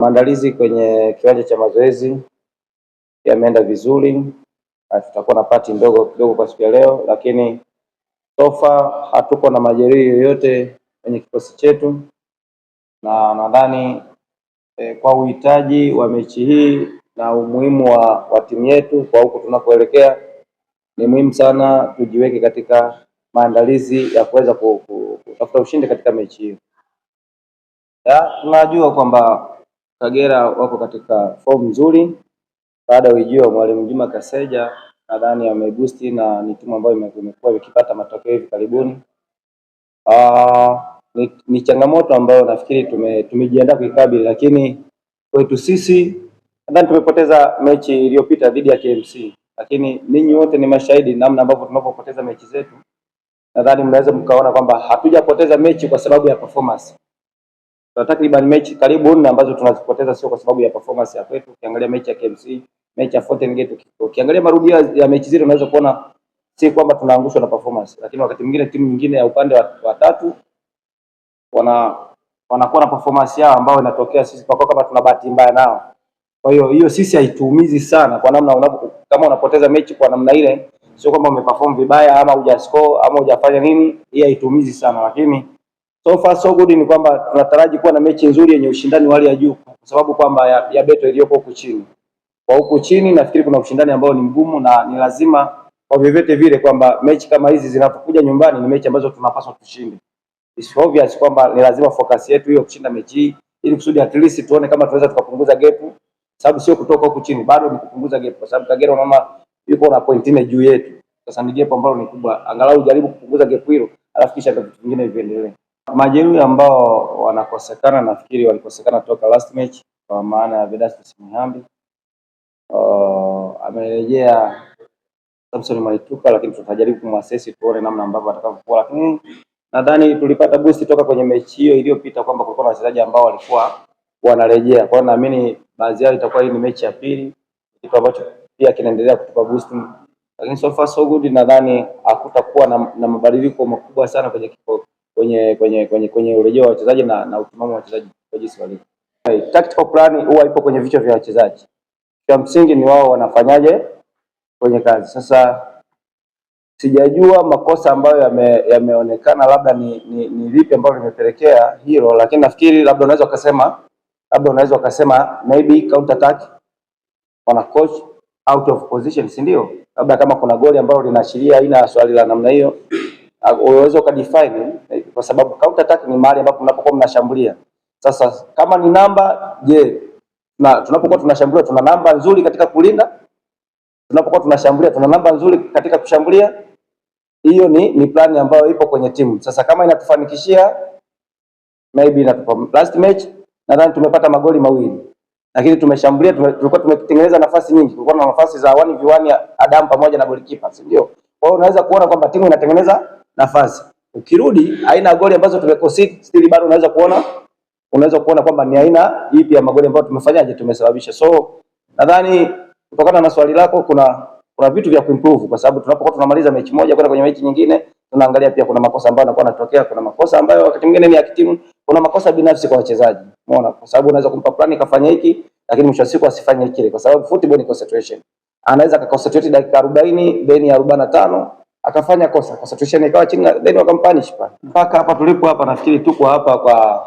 Maandalizi kwenye kiwanja cha mazoezi yameenda vizuri, tutakuwa na pati ndogo kidogo kwa siku ya leo, lakini sofa hatuko na majeruhi yoyote kwenye kikosi chetu, na nadhani eh, kwa uhitaji wa mechi hii na umuhimu wa, wa timu yetu kwa huko tunakoelekea, ni muhimu sana tujiweke katika maandalizi ya kuweza kutafuta ushindi katika mechi hiyo. Tunajua kwamba Kagera wako katika fomu nzuri baada ya ujio wa mwalimu Juma Kaseja, nadhani amegusti na ni timu ambayo imekuwa ikipata matokeo hivi karibuni. Ah, ni, ni changamoto ambayo nafikiri tume, tumejiandaa kuikabili, lakini kwetu sisi nadhani tumepoteza mechi iliyopita dhidi ya KMC, lakini ninyi wote ni mashahidi namna ambavyo tunapopoteza mechi zetu. Nadhani mnaweza mkaona kwamba hatujapoteza mechi kwa sababu ya performance tuna takriban mechi karibu nne ambazo tunazipoteza sio kwa sababu ya performance ya kwetu. Ukiangalia mechi ya KMC, mechi ya Fountain ukiangalia marudio ya mechi zile unaweza kuona si kwamba tunaangushwa na performance, lakini wakati mwingine timu nyingine ya upande wa, wa tatu wana wanakuwa na performance yao ambayo inatokea sisi kwa kama tuna bahati mbaya nao. Kwa hiyo hiyo sisi haituumizi sana kwa namna unapo, kama unapoteza mechi kwa namna ile, sio kwamba umeperform vibaya ama hujascore ama hujafanya nini, hii haituumizi sana lakini So far so good ni kwamba tunataraji kuwa na mechi nzuri yenye ushindani wa hali ya juu kwa sababu kwamba ya, ya beto iliyoko huku chini. Kwa huku chini nafikiri kuna ushindani ambao ni mgumu na ni lazima kwa vyovyote vile kwamba mechi kama hizi zinapokuja nyumbani ni mechi ambazo tunapaswa tushinde. It's obvious kwamba ni lazima focus yetu hiyo kushinda mechi hii ili kusudi at least tuone kama tunaweza tukapunguza gap, sababu sio kutoka huku chini, bado ni kupunguza gap, kwa sababu Kagera mama yuko na point nne juu yetu. Sasa ni gap ambalo ni kubwa, angalau jaribu kupunguza gap hilo, alafu kisha vitu vingine viendelee. Majeruhi ambao wanakosekana nafikiri walikosekana toka last match kwa maana ya Vedastus Mihambi. Uh, amerejea Samson Malituka, lakini tutajaribu kumwasesi tuone namna ambavyo atakavyokuwa, lakini nadhani tulipata boost toka kwenye mechi hiyo iliyopita kwamba kulikuwa na wachezaji ambao walikuwa wanarejea. Kwa hiyo naamini baadhi yao itakuwa hii ni mechi ya pili, kitu ambacho pia kinaendelea kutupa boost, lakini so far so good, nadhani hakutakuwa na, na mabadiliko makubwa sana kwenye kikosi kwenye kwenye kwenye kwenye urejeo wa wachezaji na, na utimamu wa wachezaji kwa jinsi walivyo. Hey, tactical plan huwa ipo kwenye vichwa vya wachezaji. Kwa msingi ni wao wanafanyaje kwenye kazi. Sasa sijajua makosa ambayo yame, yameonekana labda ni, ni, ni lipi ambalo limepelekea hilo, lakini nafikiri labda unaweza ukasema labda unaweza ukasema maybe counter attack wana coach out of position, si ndio? Labda kama kuna goli ambalo linaashiria aina ya swali la namna hiyo, unaweza ukadefine kwa sababu counter attack ni mahali ambapo mnapokuwa mnashambulia. Sasa kama ni namba, je, na tunapokuwa tunashambulia tuna namba nzuri katika kulinda? Tunapokuwa tunashambulia tuna namba nzuri katika kushambulia? Hiyo ni ni plani ambayo ipo kwenye timu. Sasa kama inatufanikishia maybe inatupa last match, nadhani tumepata magoli mawili lakini tumeshambulia tume, tulikuwa tumetengeneza nafasi nyingi, kulikuwa na nafasi za wani viwani Adam pamoja na goalkeeper, si ndio? Kwa hiyo unaweza kuona kwamba timu inatengeneza nafasi, Ukirudi aina ya goli ambazo tumekosea still bado unaweza kuona unaweza kuona kwamba ni aina ipi ya magoli ambayo tumefanyaje tumesababisha. So nadhani kutokana na swali lako kuna kuna vitu vya kuimprove kwa sababu tunapokuwa tunamaliza mechi moja kwenda kwenye mechi nyingine tunaangalia pia kuna makosa ambayo yanakuwa yanatokea, kuna makosa ambayo wakati mwingine ni ya timu, kuna makosa binafsi kwa wachezaji. Umeona, kwa sababu unaweza kumpa plani kafanya hiki, lakini mwisho wa siku asifanye kile, kwa sababu football ni concentration. Anaweza akaconcentrate dakika 40 then ya 45 akafanya kosa concentration ikawa chini na then wakampanish pale. Mpaka hapa tulipo hapa, nafikiri tuko hapa kwa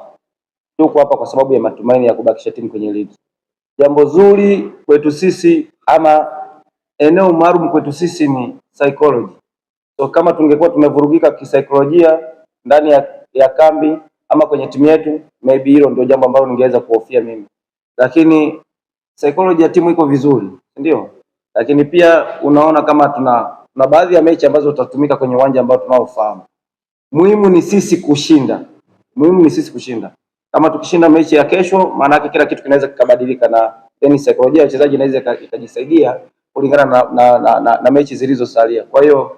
tuko hapa kwa sababu ya matumaini ya kubakisha timu kwenye ligi. Jambo zuri kwetu sisi ama eneo maalum kwetu sisi ni psychology. So kama tungekuwa tumevurugika kisaikolojia ndani ya, ya kambi ama kwenye timu yetu, maybe hilo ndio jambo ambalo ningeweza kuhofia mimi, lakini psychology ya timu iko vizuri, ndio. Lakini pia unaona kama tuna na baadhi ya mechi ambazo utatumika kwenye uwanja ambao tunaofahamu. Muhimu ni sisi kushinda, muhimu ni sisi kushinda. Kama tukishinda mechi ya kesho, maana yake kila kitu kinaweza kikabadilika, na then saikolojia ya wachezaji inaweza ikajisaidia kulingana na, na, na, na, na mechi zilizosalia. Kwa hiyo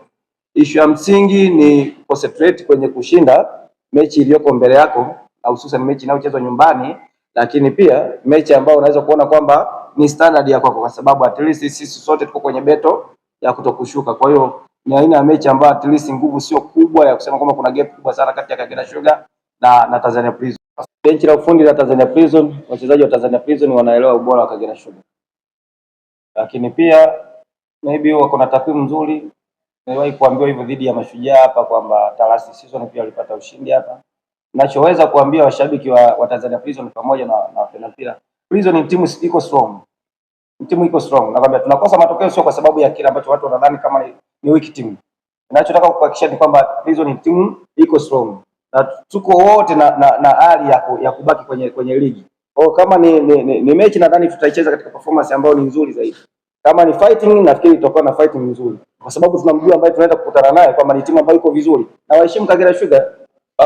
ishu ya msingi ni concentrate kwenye kushinda mechi iliyoko mbele yako, na hususan mechi inayochezwa nyumbani, lakini pia mechi ambayo unaweza kuona kwamba ni standard ya kwako, kwa sababu at least sisi sote tuko kwenye beto ya kutokushuka. Kwa hiyo ni aina ya mechi ambayo at least nguvu sio kubwa ya kusema kwamba kuna gap kubwa sana kati ya Kagera Sugar na, na Tanzania Prison. Benchi la ufundi la Tanzania Prison, wachezaji wa Tanzania Prison wanaelewa ubora wa Kagera Sugar, lakini pia maybe wako na takwimu nzuri. Niliwahi kuambiwa hivyo dhidi ya Mashujaa hapa kwamba Tarasi season pia walipata ushindi hapa. Nachoweza kuambia washabiki wa, wa Tanzania Prison pamoja na, na Prison, Prison ni timu iko strong timu iko strong. Nakwambia tunakosa matokeo sio kwa sababu ya kile ambacho watu wanadhani kama ni, ni weak team. Ninachotaka kuhakikisha ni kwamba hizo ni timu iko strong na tuko wote na na, na hali ya, ku, ya kubaki kwenye kwenye ligi. O, kama ni, ni, ni, ni mechi nadhani tutaicheza katika performance ambayo ni nzuri zaidi. Kama ni fighting nafikiri tutakuwa na fighting nzuri kwa sababu tunamjua ambaye tunaenda kukutana naye kwamba ni timu ambayo iko vizuri. Na waheshimu Kagera Sugar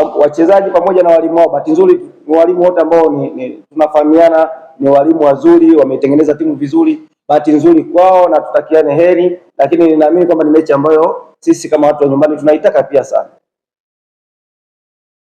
um, wachezaji pamoja na walimu wao. Bahati nzuri walimu wote ambao ni, ni tunafahamiana ni walimu wazuri, wametengeneza timu vizuri, bahati nzuri kwao na tutakiane heri, lakini ninaamini kwamba ni mechi ambayo sisi kama watu wa nyumbani tunaitaka pia sana.